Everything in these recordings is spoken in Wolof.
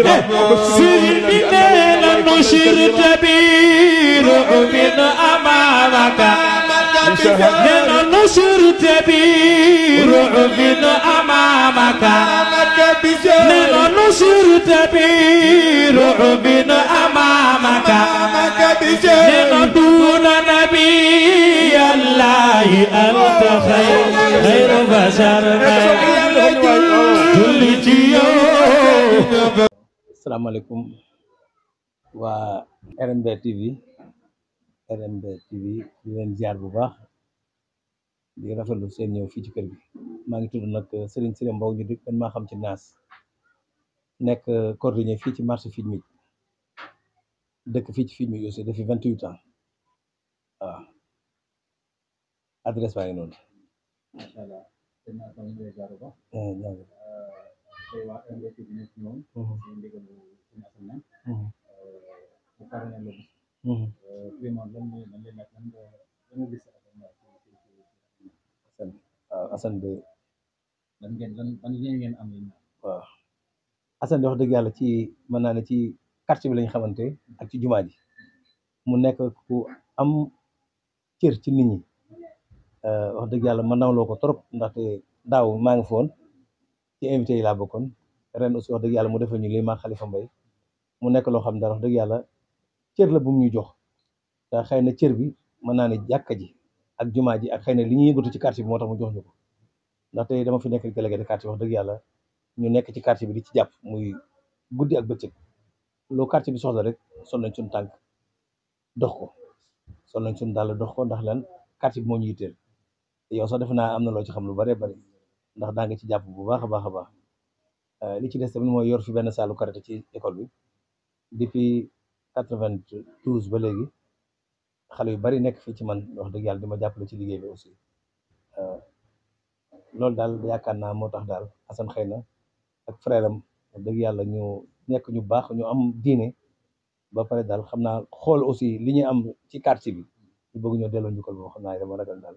سلم لا نشرت برعب أمامك لا نشرت برعب أمامك لا نشرت برعب أمامك لا دون نبي الله أنت خير خير بشر كل جيوب asalaamaaleykum waa RMB TV RMB TV di leen bu baax di rafetlu seen ñëw fii ci kër gi maa ngi tudd nag uh, Serigne Siré Mbow ñu di maa xam ci naas nekk uh, coordonné fii ci marché Fidjmith dëkk fii ci Fidjmith aussi depuis vingt huit ans waaw adresse ngi noonu. macha allah. परिवार oh. oh. eh, oh. eh, eh, asan de lan ngeen lan ban lien ngeen am yeen waaw asan de wax deug yalla ci man na ci quartier bi lañ xamanté ak ci mu nekk ku am cër ci nit ñi euh wax deug yalla ma nawlo ko trop ndaxte daaw maa ngi foon ci invité yi laa bokkoon ren aussi wax dëgg yàlla mu defal ñu lii maak Khalifa Mbaye mu nekk loo xam ne daal wax dëgg yàlla cër la bu mu jox te xëy na cër bi mën naa ne jàkka ji ak jumaa ji ak xëy na li ñuy yëngatu ci quartier bi moo tax mu jox ñu ko ndaxte dama fi nekk délégué de quartier wax dëgg yàlla ñu nekk ci quartier bi di ci jàpp muy guddi ak bëccëg loo quartier bi soxla rek sol nañ suñu tànk dox ko sol nañ suñu dàll dox ko ndax lan quartier bi moo ñu yitteel yow sax defe naa am na loo ci xam lu bare bari ndax daa nga ci jàpp bu baax a baax a baax euh, li ci des tamit mooy yor fi benn saalu karaté ci école bi depuis quatre-vingt-douze ba léegi xale yu bari nekk fii ci man wax dëgg yàlla dima jàppale ci liggéey bi aussi euh, loolu daal yaakaar naa moo tax daal Assane xëy na ak frère am wax dëgg yàlla ñu nekk ñu baax ñu am diine ba pare daal xam naa xool aussi li ñuy am ci quartier bi ñu bëgg ñoo delloo njukkal boo xam naa dama ragal daal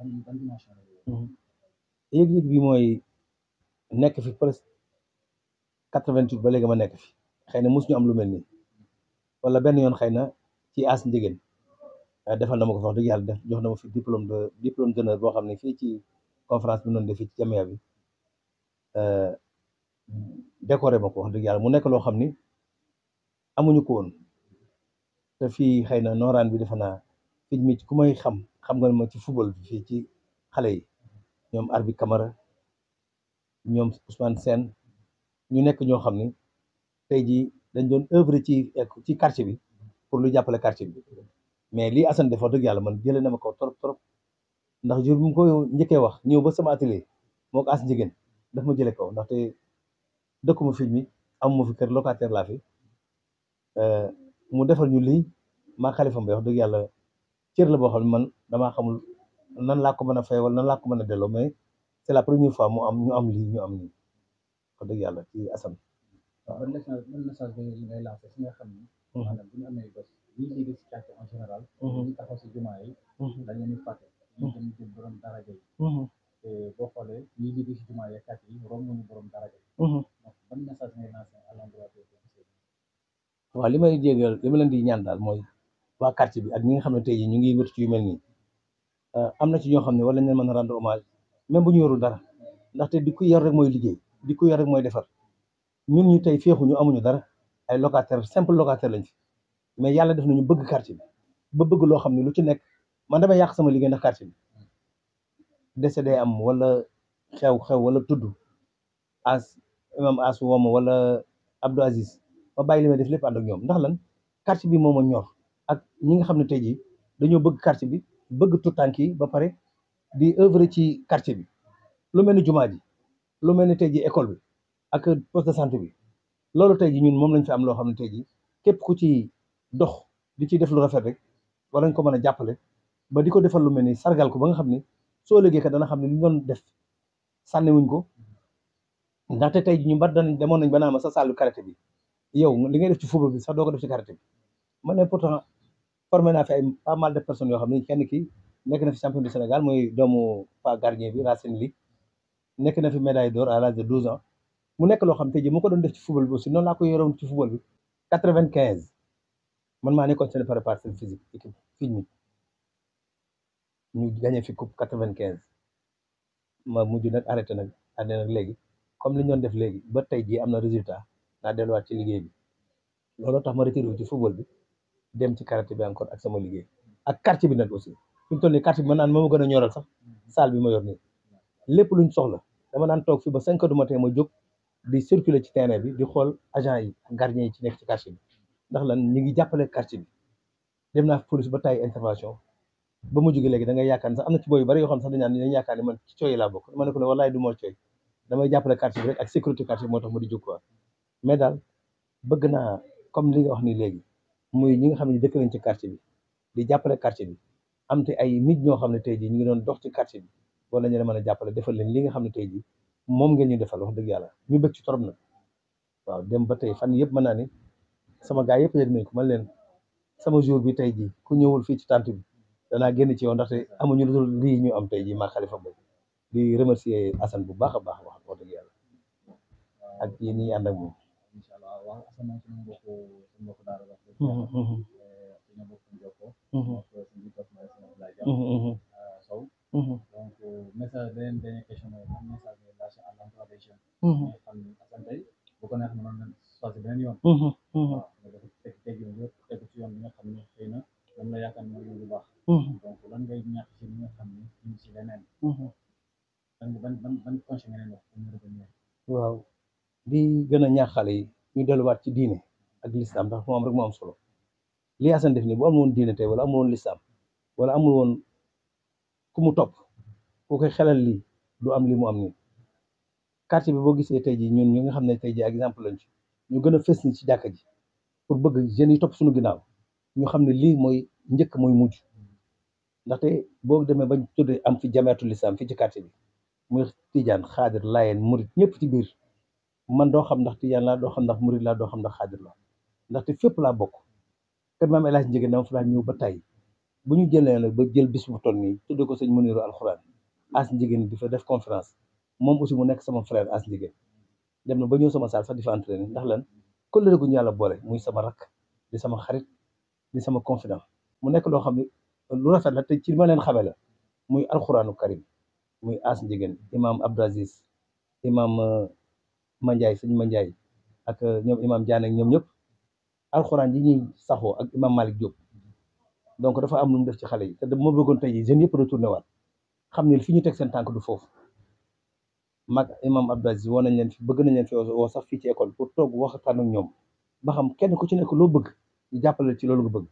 Mhm. yëg-yëg bi mooy nekk fi presque quatre vingt huit ba léegi ma nekk fi xëy na mos am lu mel nii wala benn yoon xëy na ci as njigéen eh, defal na ma ko wax dëgg yàlla def jox na ma fi diplôme de diplôme d'honneur boo xam ne fii ci conférence bi noonu def fii ci jamia bi eh, décoré ma ko wax dëgg yàlla mu nekk loo xam ni amuñu ko te fii xëy na nooraan bi defe naa fii mi ku may xam xam nga ma ci football bi fii ci xale yi ñoom Arbi Camara ñoom Ousmane Sène ñu nekk ñoo xam ni tey jii dañ doon œuvre ci ci quartier bi pour lu jàppale quartier bi mais lii Assane def wax dëgg yàlla man jëlee na ma ko trop trop ndax jur bu mu ko njëkkee wax ñëw ba sama atelier moo ko as njigéen daf ma jëlee kaw ndaxte dëkkuma fi mi amuma fi kër locataire laa fi euh, mu defal ñu lii maa xalifam bi wax dëgg yàlla cër la boo xam ne man damaa xamul nan laa ko mën a fay wala nan laa ko mën a delloo mais c'est la première fois mu am ñu am lii ñu am nii wax dëgg yàlla ci Assane. waaw ban message ban message ngay lancé si nga xam ni. Mhm. maanaam bu ñu amee bés ñuy liggéey si quartier en général. Mhm. ñu taxaw si jumaa yi. Mhm. dañ leen di fàtte. ñu dem jël borom daraja yi. te boo xoolee ñuy liggéey si jumaa yi ak quartier yi romb nañu borom daraja yi. donc ban message ngay lancé à l'endroit des waa li may jégal li ma leen di ñaan daal mooy. waa quartier bi ak ñi nga xam ne tey jii ñu ngi yëngatu ci yu mel nii euh, am na ci ñoo xam ne wala ñu mën a rendre hommage même bu ñu yorul dara ndaxte di ku yor rek mooy liggéey di ku yor rek mooy defar ñun ñu tey féexu ñu amuñu dara ay locataire simple locataire lañ fi mais yàlla def nañu bëgg quartier bi ba bëgg loo xam ne lu ci nekk man damay yàq sama liggéey ndax quartier bi décédé am walla xew-xew wala tudd as imam as wooma wala Abdou Aziz ma bàyyi li def lépp ànd ñoom ndax lan quartier bi moom a ñor ak ñi nga xam ne tey jii dañoo bëgg quartier bi bëgg tuutànk yi ba pare di œuvre ci quartier bi lu mel ni jumaa ji lu mel ni tey jii école bi ak poste de santé bi loolu tey jii ñun moom lañu fi am loo xam ne tey jii képp ku ci dox di ci def lu rafet rek war nañ ko mën a jàppale ba di ko defal lu mel ni sargal ko ba nga xam ne soo liggéey kat dana xam ne li doon def sànniwuñ ko ndaxte tey jii ñu bari danañ demoon nañ ba naa sa sàllu karate bi yow li ngay def ci football bi sax doo ko def ci karate bi ma ne pourtant formé naa fi ay pas mal de personnes yoo xam ne kenn ki nekk na fi champion du Sénégal mooy doomu pas gardien bi Racine Ly nekk na fi médaille d'or à l'âge de 12 ans mu nekk loo xam te ji mu ko doon def ci football bi aussi noonu laa ko yoroon ci football bi 95 man maa nekkoon seen préparation physique équipe fii mi ñu gagné fi coupe 95 ma mujj nag arrêté nag ànd nag léegi comme li ñu doon def léegi ba tey jii am na résultat naa delluwaat ci liggéey bi looloo tax ma retiré ci football bi. dem ci karaté bi encore ak sama liggéey ak quartier bi nag aussi fi mu toll nii quartier naan moo gën a ñoral sax salle bi ma yor nii lépp luñ soxla dama naan toog fii ba cinq heures du ma jóg di circuler ci terrain bi di xool agent yi ak yi ci nekk ci quartier bi ndax la ñu ngi jàppale quartier bi dem naa police ba tay intervention ba ma jógee léegi da ngay yaakaar sax am na ci booy yu bari yoo xam sax dañ naan dañ yaakaar ne man ci cooy laa bokk ma ne ko ne wallaay damay jàppale quartier bi rek ak sécurité quartier bi moo mais daal bëgg naa comme li nga wax nii léegi muy ñi nga xam ne dëkk lañ ci quartier bi di jàppale quartier bi am te ay nit ñoo xam ne tey jii ñu ngi doon dox ci quartier bi wala ñu mën a jàppale defal leen li nga xam ne tey jii moom ngeen ñu defal wax dëgg yàlla ñu bëgg ci torop na waaw dem ba tey fan yëpp man naa ni sama gaa yëpp yëg nañ ko man leen sama jour bi tey jii ku ñëwul fii ci tant bi danaa génn ci yow ndaxte amuñu lu dul ñu am tey jii maa Xalifa Mbaye di remercier Assane bu baax a baax wax wax dëgg yàlla ak yéen ñi ànd ak moom awal sama buku sembuh kenal waktu itu punya buku Joko waktu sendiri belajar so untuk misal dan dan kesempatan mereka misal dia lah sih alam tuh asal dari bukan yang mana suatu brand yang mereka tegi itu itu yang mereka kami kena dan mereka akan mengubah dan pulang dari minyak sini kami ini silanan ban ban konsumen loh menurut dia wow di gën a kali. ñu delluwaat ci diine ak lislaam ndax moom rek moo am solo li Assane def nii bu amul diine tey wala amul woon lislaam wala amul woon ku mu topp ku koy xelal lii du am li mu am nii quartier bi boo gisee tey jii ñun ñi nga xam ne tey jii exemple lañ ci ñu gën a fës ni ci jàkka ji pour bëgg jeunes yi topp suñu ginnaaw ñu xam ne lii mooy njëkk mooy mujj ndaxte boo demee bañ tuddee am fi jamaatu lislaam fii ci quartier bi muy tijaan xaadir laayeen murit ñëpp ci biir man do xam ndax tiyan la do xam ndax murid la do xam ndax xaadir laa ndaxte fépp laa bokk kër maam El Hadj Ndiéguène fa ba tay bu ñu ba jël bis bu ko alquran As Ndiéguène ni difa def conférence mom aussi mu nek sama frère As Ndiéguène dem na ba ñew sama saal sax di entraîner ndax lan kóllëre gu ñu yàlla muy sama rak di sama xarit di sama confident mu nek lo xam lu rafet la te ci ma len xamé la muy alquranu karim muy As Ndiéguène Imam abdaziz Imam euh, manjaay sëñ manjaay ak euh, ñoom imam Diané ak ñoom ñëpp alxuraan yi ñuy saxoo ak imam Malick Diop donc dafa am lu def ci xale yi te dama bëggoon tey jii jeunes yëpp retourné waat xam ne fi ñu teg seen tànk du foofu mag imam Abdou Aziz woo nañ leen fi bëgg nañ leen fi woo sax fii ci école pour toog waxtaan ak ñoom ba xam kenn ku ci nekk loo bëgg ñu jàppale ci loolu nga bëgg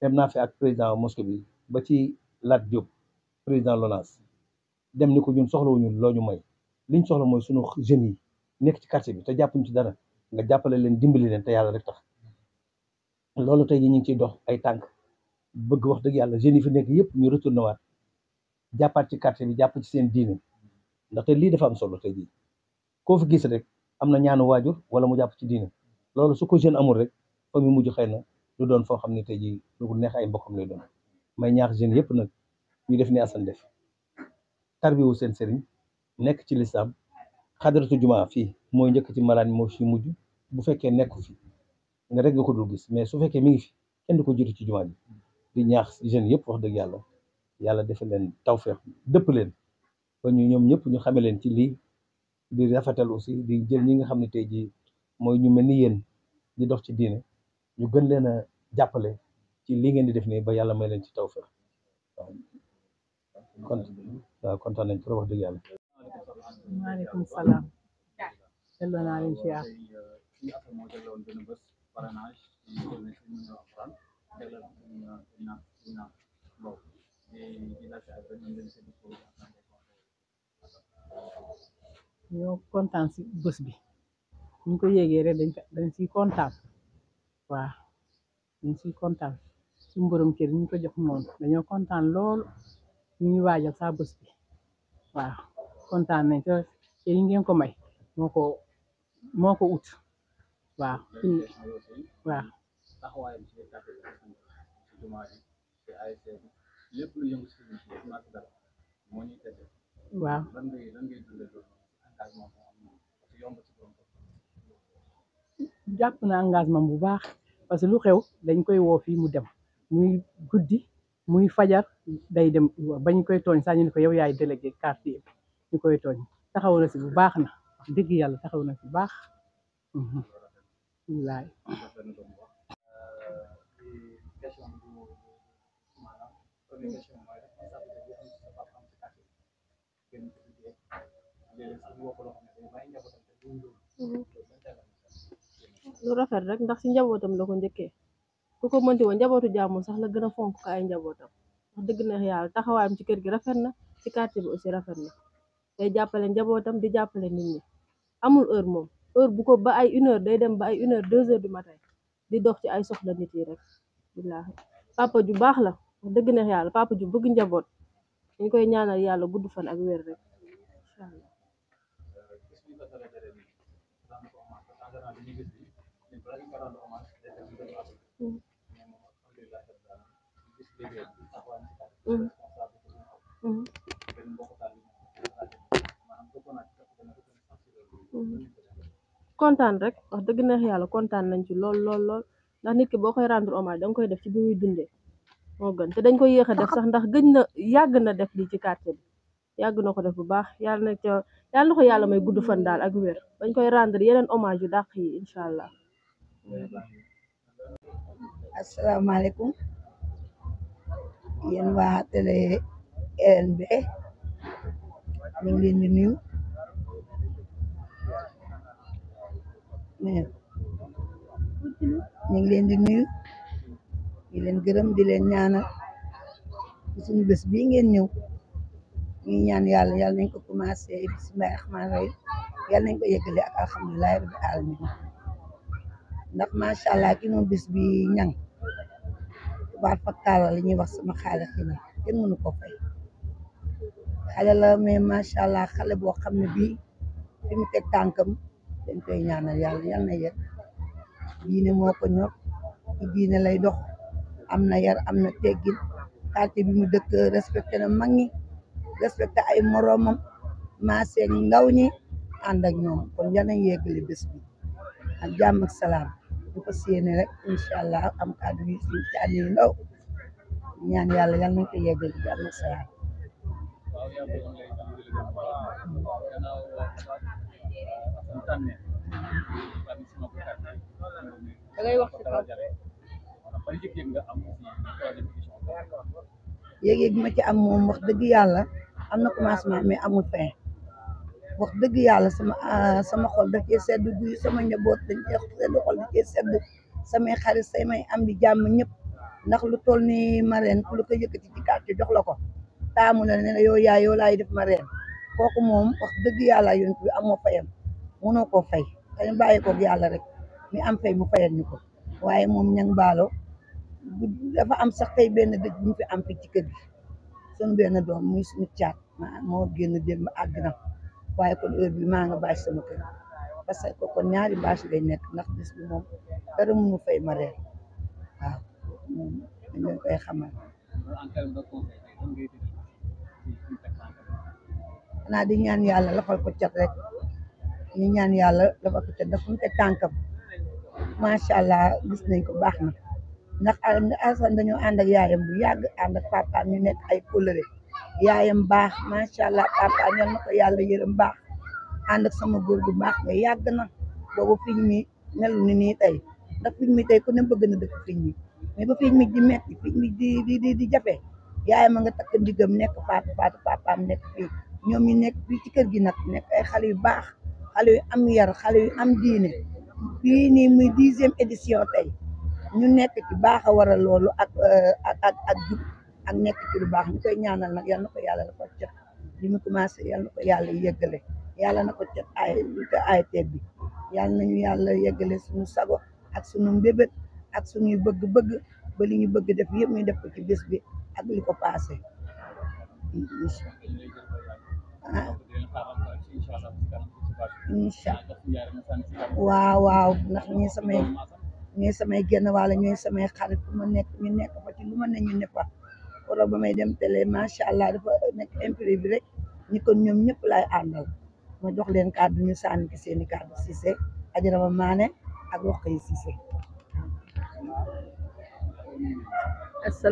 dem naa fi ak président mosquée bi ba ci laat Diop président LONASE dem ni ko ñun soxlawuñu loo ñu may liñ soxla mooy sunu jeunes yi. nekk ci quartier bi te jàppuñ ci dara nga jàppale leen dimbali leen te yàlla rek tax loolu tey ñi ñu ngi ciy dox ay tànk bëgg wax dëgg yàlla jeunes yi fi nekk yëpp ñu retourné waat jàppaat ci quartier bi jàpp ci seen diine ndaxte lii dafa am solo te jii koo fi gis rek am na ñaanu waajur wala mu jàpp ci diine loolu su ko jeune amul rek fa mu mujj xëy na lu doon foo xam ne tey jii lu neex ay mbokkam lay doon may ñaax jeunes yëpp nag ñu def ni Assane def tarbiwu seen sëriñ nekk ci lislaam xadaratu jumaa fii mooy njëkk ci malaan moo si mujj bu fekkee nekku fi nga rek nga ko dul gis mais su fekkee mi ngi fi kenn du ko jiitu ci jumaa bi di ñaax jeunes yëpp wax dëgg yàlla yàlla defal leen tawféex dëpp leen ba ñu ñoom ñëpp ñu xame leen ci lii di rafetal aussi di jël ñi nga xam ne tey jii mooy ñu mel ni yéen ñi dox ci diine ñu gën leen a jàppale ci lii ngeen di def nii ba yàlla may leen ci tawféex waaw kon waaw kontaan nañ trop wax dëgg yàlla maaleykum salaam delloo naa leen siyaar ñoo kontaan si bés bi ñu ko yéegee rek dañ dañ siy kontaan waaw dañ siy kontaan su mboroom kër ñu ko jox noonu dañoo kontaan lool ñu ngi waajal saa bés bi kontaan nañ te ngeen ko may moo ko moo ko ut waaw waaw waaw jàpp na engagement bu baax parce que lu xew dañ koy woo fii mu dem muy guddi muy fajar day dem bañ koy tooñ sax ñu ne ko yow yaay délégué quartier ñu koy tooñ taxaw na si bu baax na wax dëgg yàlla taxaw na si bu baax mhm. wallaay lu rafet rek ndax si njabootam la ko njëkkee ku ko mënti woon njabootu jàmm sax la gën a fonk ko ay njabootam wax dëgg neex yàlla taxawaayam ci kër gi rafet na ci quartier bi aussi rafet na day jàppale njabootam di jàppale nit ñi amul heure moom heure bu ko ba ay une heure day dem ba ay une heure deux heures du matin di dox ci ay soxla nit yi rek papa ju baax la wax yàlla papa ju bëgg njaboot dañ koy ñaanal yàlla gudd fan ak wér rek kontaan rek wax dëgg na yàlla kontaan nañ ci lool lool lool ndax nit ki boo koy rendre hommage danga koy def ci bi muy dundee moo gën te dañ koy yéex a def sax ndax gëj na yàgg na def lii ci quartier bi yàgg na ko def bu baax yàlla na ca yàlla ko yàlla may gudd fan daal ak wér dañ koy rendre yeneen omage yu dàq yi incha allah. asalaamaaleykum yéen waa télé RNB ñu ngi leen di nuyu. nuyu ñu ngi leen di nuyu di leen gërëm di leen ñaanal suñu bés bi ngeen ñëw ñuy ñaan yàlla yàlla nañ ko commencé bismillahi rahmani rahim yàlla nañ ko yëggale ak alhamdulilahi rabbi alamin ndax macha allah ki moom bis bi ñang baat fakkaala la ñuy wax sama xaale kenn mënu ko fay xale la mais allah xale boo xam ne bii fi mu teg tànkam dañ koy ñaanal yàlla yàlla na yar diine moo ko ñor diine lay dox am na yar am na teggin quartier bi mu dëkk respecté na mag ñi respecté ay moroomam maasee ngaw ñi ànd ak ñoom kon yal nañ yeggali bés bi ak jàmm salaam du ko séene rek incha allah am kàddu yi si ndaw ñaan yàlla yal nañ ko yeggali jàmm ak salaam hutannya tradisi waktu orang politik yang nggak amu yéeg-yéeg ya, ya, bi ma ci am moom wax dëgg yàlla am commencement mais amul fin wax sama ah, sama xol daf ya cee sedd sama njaboot dañ cee sedd xol da sedd samay xarit samay am di jàmm ñëpp ndax lu toll ni maren ku la ko yëkkati ci quartier jox la ko taamu la ne la yow yaa yow def wax bi fayam mënoo ko fay dañu bàyyi ko yàlla rek mi am fay mu fayal ñu ko waaye moom ñang baalo dafa am sax tey benn dëj bu fi am fi ci kër gi suñu benn doom muy suñu caat moo génn démb àgg na waaye kon heure bi maa nga bâche sama kër parce ko kon ñaari bâche lay nekk ndax bis bi moom dara mënu fay ma reer waaw moom dañ koy xamal xanaa di ñaan yàlla lafal ko cat rek ñu ñaan yàlla dafa ko ca def mu teg tànkam macha allah gis nañ ko baax na ndax Assane dañoo ànd ak yaayam bu yàgg ànd ak papaam ñu nekk ay kóllëre yaayam baax macha allah papa ñal na ko yàlla yërëm baax ànd ak sama góor gu baax nga yàgg na boobu fiñ mi melu ni nii tey ndax fiñ mi tey ku ne bëgg na dëkk fiñ mi mais ba fiñ mi di metti fiñ mi di di di di jafe yaayam a nga takk ndigam nekk faatu faatu papaam nekk fii ñoom ñu nekk fii ci kër gi nag nekk ay xale yu baax xale yu am yar xale yu am diine bii nii muy dixième édition tey ñu nekk ci baax a war a loolu euh, ak ak ak ak nekk lu baax ñu koy ñaanal nag yal na ko yàlla la ko cat li mu commencé yal na ko yàlla yëggale yàlla na ko cat ay ay teeb bi yàlla nañu yàlla yëggale suñu sago ak suñu mbébét ak suñuy bëgg-bëgg ba li ñu bëgg def yëpp ñu def ko ci bés bi ak li ko passé inchaallah Wow, wow Nak ñi samay ñi samay génn wala ñooy samay xarit fu ma nekk ñu nekk fa ci lu ma ne fa koroog ba may dem télé macha allah dafa nekk impri bi rek ñi kon ñoom ñëpp lay àndal anu. ma jox leen kàddu ñu sànni ki seeni kàddu Cissé ajarama maane ak wax yi Cissé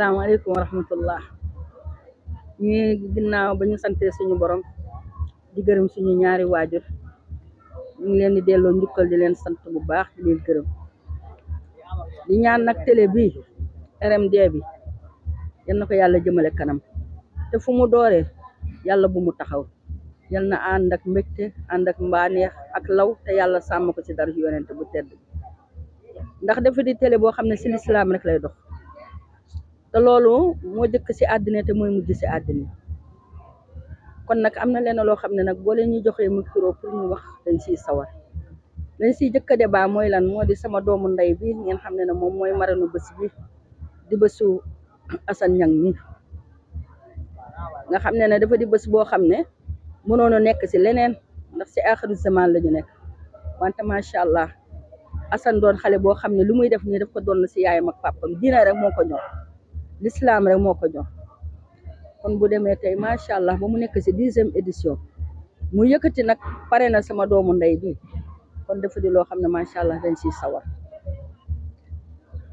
wa rahmatullah ñi suñu borom di gërëm suñu ñaari ñu ngi leen di delloo njukkal di leen sant bu baax di leen gërëm di ñaan nag télé bi RMD bi yal na ko yàlla jëmale kanam te fu mu dooree yàlla bu mu taxaw yal na ànd ak mbégte ànd ak mbaaneex ak law te yàlla sàmm ko ci dara yonente bu tedd ndax dafa di télé boo xam ne ci rek lay dox te loolu moo jëkk ci àddina te mooy mujj ci àddina kon nag am na leen loo xam ne nag boo leen ñu joxee micro pour mu wax dañ si sawar dañ si jëkk debaa mooy lan moo di sama doomu nday bi ngeen xam ne ne moom mooy maranu bés bi di bésu Assane Niang mi nga xam ne ne dafa di bés boo xam ne mënoon nekk si leneen ndax si aaxiru zaman la ñu nekk wante macha allah Assane doon xale boo xam ne lu muy def nii daf ko doon na si yaayam ak papam diina rek moo ko ñor lislaam rek moo ko ñor kon bu demee ma macha allah ba mu nekk si dixième édition mu yëkëti nak paré na sama doomu ndey bi kon dafa di lo xamné ne allah dañ ci sawar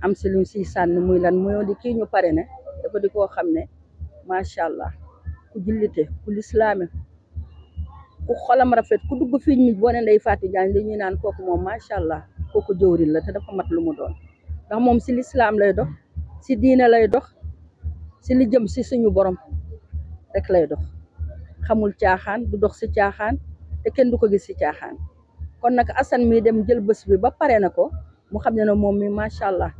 am si luñ ci sann muy lan muy di ki ñu paré né dafa di ko xamné ma allah ku jullité ku l'islamé ku xolam rafet ku dugg fii ñu boné ne ndey Fatou Diagne dañuy naan kooku moom macha allah kooku la té dafa mat lu mu doon ndax mom si l'islam lay dox si diiné lay dox si li jëm ci suñu borom rek lay dox xamul caaxaan du dox si caaxaan te kenn du ko gis si caaxaan kon nak asan mi dem jël bëss bi ba paré nako mu xamné no mom mi ma sha allah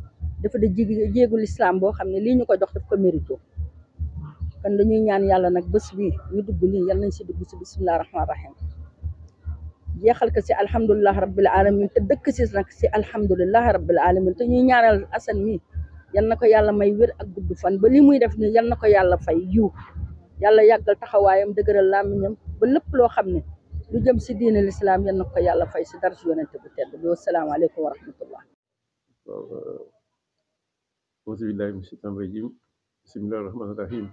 dafa di jig jéegu bo xamné li ne lii ñu ko jox daf ko mérito kon dañuy ñaan yalla nak bëss bi ñu dugg li yalla nañ si dugg ci jeexal ko ci rabbil alamin te dëkk ci nak ci alhamdulilah rabbil alamin te ñuy ñaanal asan mi yalla nako yalla may wër ak gudd fan ba li muy def ni yalla nako yalla fay yu yàlla yàggal taxawaayam dëgëral làmmiñam ba lépp loo xam ne lu jëm si diine lislaam yan yàlla fay si dara si yonente bu tedd bi wasalaamaaleykum wa rahmatullah waaw auzubillahi min shaytan rajim bismillahi rahmani rahim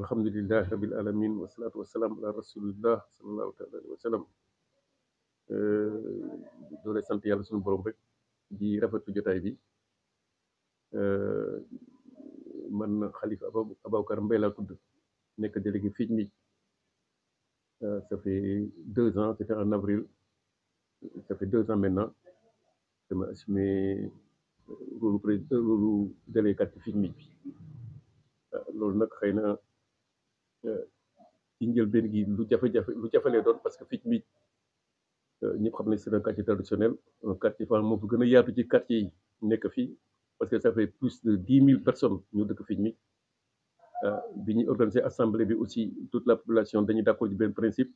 alhamdulilahi rabil alamin wasalaatu wasalaam ala rasulillah salallahu taala alihi wa sallam doole sant yàlla suñu borom rek di rafetlu jotaay bi man xalifa Ababacar Mbaye laa tudd délégué euh, ça fait deux ans c'était en avril ça fait deux ans maintenant je Nous sommes au délégué nous il y a lu lu nous parce que fii nii euh, ñëpp c'est un quartier traditionnel un quartier faut a quartier parce que ça fait plus de 10 000 personnes nous, dëkk Euh, bi ñuy organiser assemblée bi aussi toute la population dañuy d'accord ci benn principe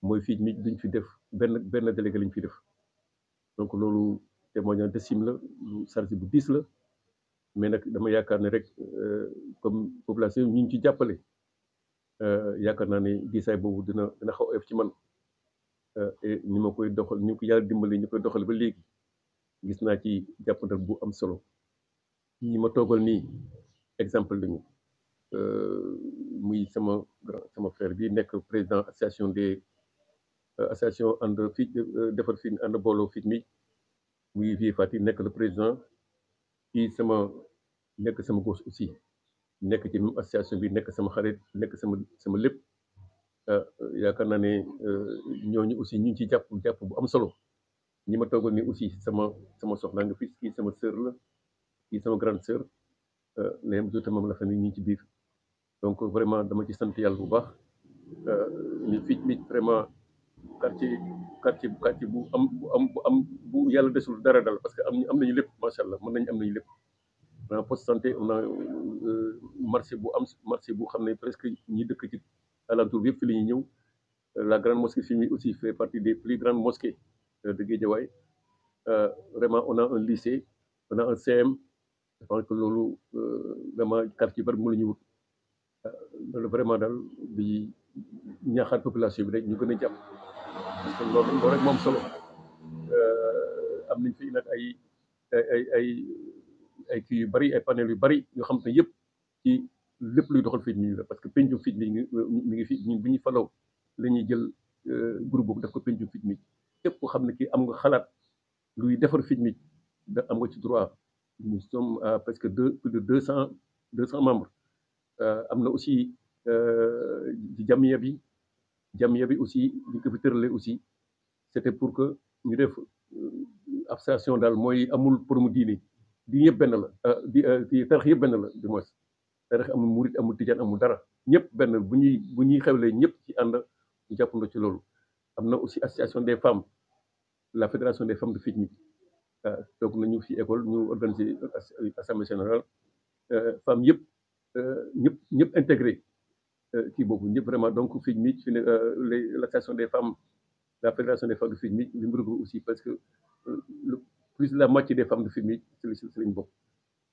mooy fii nit duñ fi def benn benn délégué lañ fi def donc loolu témoignage décime la lu bu diis la mais nag dama yaakaar ne rek euh, comme population ñu ngi ci jàppale euh, yaakaar naa ne diisaay boobu dina dina xaw a ci man et ni ma koy doxal ni ko yàlla dimbali ñu koy doxal ba léegi gis naa ci jàppandal bu am solo ñi ma toogal nii exemple lañu Euh, muy sama sama frère bi nekk président association des euh, association ànd fit euh, defar fit ànd booloo fit mi muy vie Fati nekk le président kii sama nekk sama gos aussi nekk ci même association bi nekk sama xarit nekk sama sama lépp yaakaar naa ne ñooñu aussi ñu ngi ci jàpp jàpp bu am solo ñi ma toogal ni aussi sama sama soxna nga fii kii sama sœur la kii sama grande sœur mais mosu tamam la fa ni ñu ci biir donc vraiment dama ci sant yàlla bu baax ni euh, fii mi vraiment quartier quartier quartier bu am bu am bu am bu yàlla desul dara dal parce que am am nañu lépp macha allah mën nañu am nañu lépp vraiment poste santé euh, marché bu am marché bu xam ne presque ñi dëkk ci alentour bi yëpp fi la ñëw la grande mosquée Fimei aussi fait partie des plus grandes mosquées euh, de Guédiawaye vraiment on a un lycée on un CM je pense que loolu vraiment quartier bari mu la ñu wut Euh, loolu vraiment daal di ñaxaar population bi rek ñu gën a jàpp parce que loolu loolu rek moom solo euh, am nañ fi nag ay ay ay kii yu bari ay panel yu bari yoo xam te ne yëpp ci lépp luy doxal fit mi la parce que pencum fit mi mi ngi fi ñun bu ñuy falaw la ñuy jël euh, groupe boobu daf ko pencum fit mi képp ko xam ne kii am nga xalaat luy defar fit mi da am nga ci droit nous sommes à plus de deux cent deux cent membres Euh, am na aussi euh, jamiya bi jamiya bi aussi li ko le aussi c'était pour que ñu def euh, abstention daal mooy amul pour mu diine diine yëpp benn la di di tarix yëpp benn la du moins tarix amul murit amul tijaan amul dara ñëpp benn bu ñuy bu ñuy xewlee ñëpp ci ànd ñu jàppandoo ci loolu am na aussi association des femmes la fédération des femmes de Fidjmi donc nañu fi école ñu organiser assemblée générale femmes yëpp Euh, ñëpp ñëpp intégré euh, kii boobu ñëpp vraiment donc FIDMIC fi ne euh, l'association des femmes la fédération des femmes de FIDMIC li mu regroupe aussi parce que le plus la moitié des femmes de FIDMIC ci la ci lañ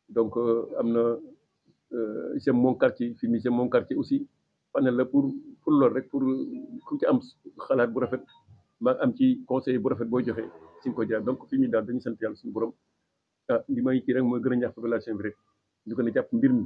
donc am na j'aime mon quartier FIDMIC j'aime mon quartier aussi panel la pour pour loolu rek pour ku ci am xalaat bu rafet ma am ci conseil bu rafet boo joxe si ko jaar donc FIDMIC daal dañu sant yàlla suñu borom ah li may kii rek mooy gën a ñaax population bi rek ñu gën a jàpp mbir mi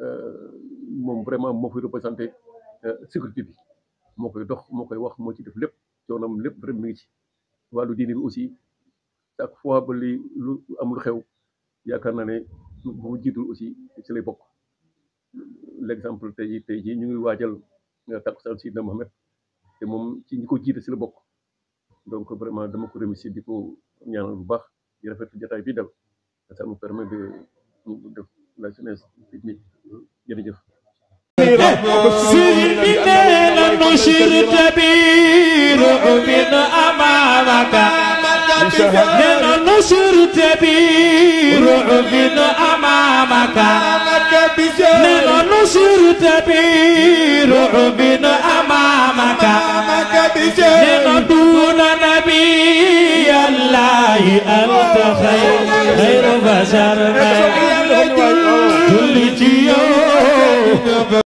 Euh, mom vraiment mo fi représenter euh, sécurité bi mo koy dox mo koy wax mo ci def lepp coonam lepp rek mi ci walu diine bi aussi chaque fois ba li lu am lu xew yakarna ne bu jiitul aussi ci lay bok l'exemple tay jii tey jii ñu ngi wajal waajal euh, takkusaan Sidna mohammed te mom ci ñiko ko ci si la bokk donc vraiment dama ko remercier diko ñaanal bu baax di rafet jotaay bi dal ça me permet de de la jeunesse technique jërëjëf لنا نشر تبير عبنا أمامك لنا نشر تبير عبنا أمامك لنا دون نبي الله أنت خير خير بشر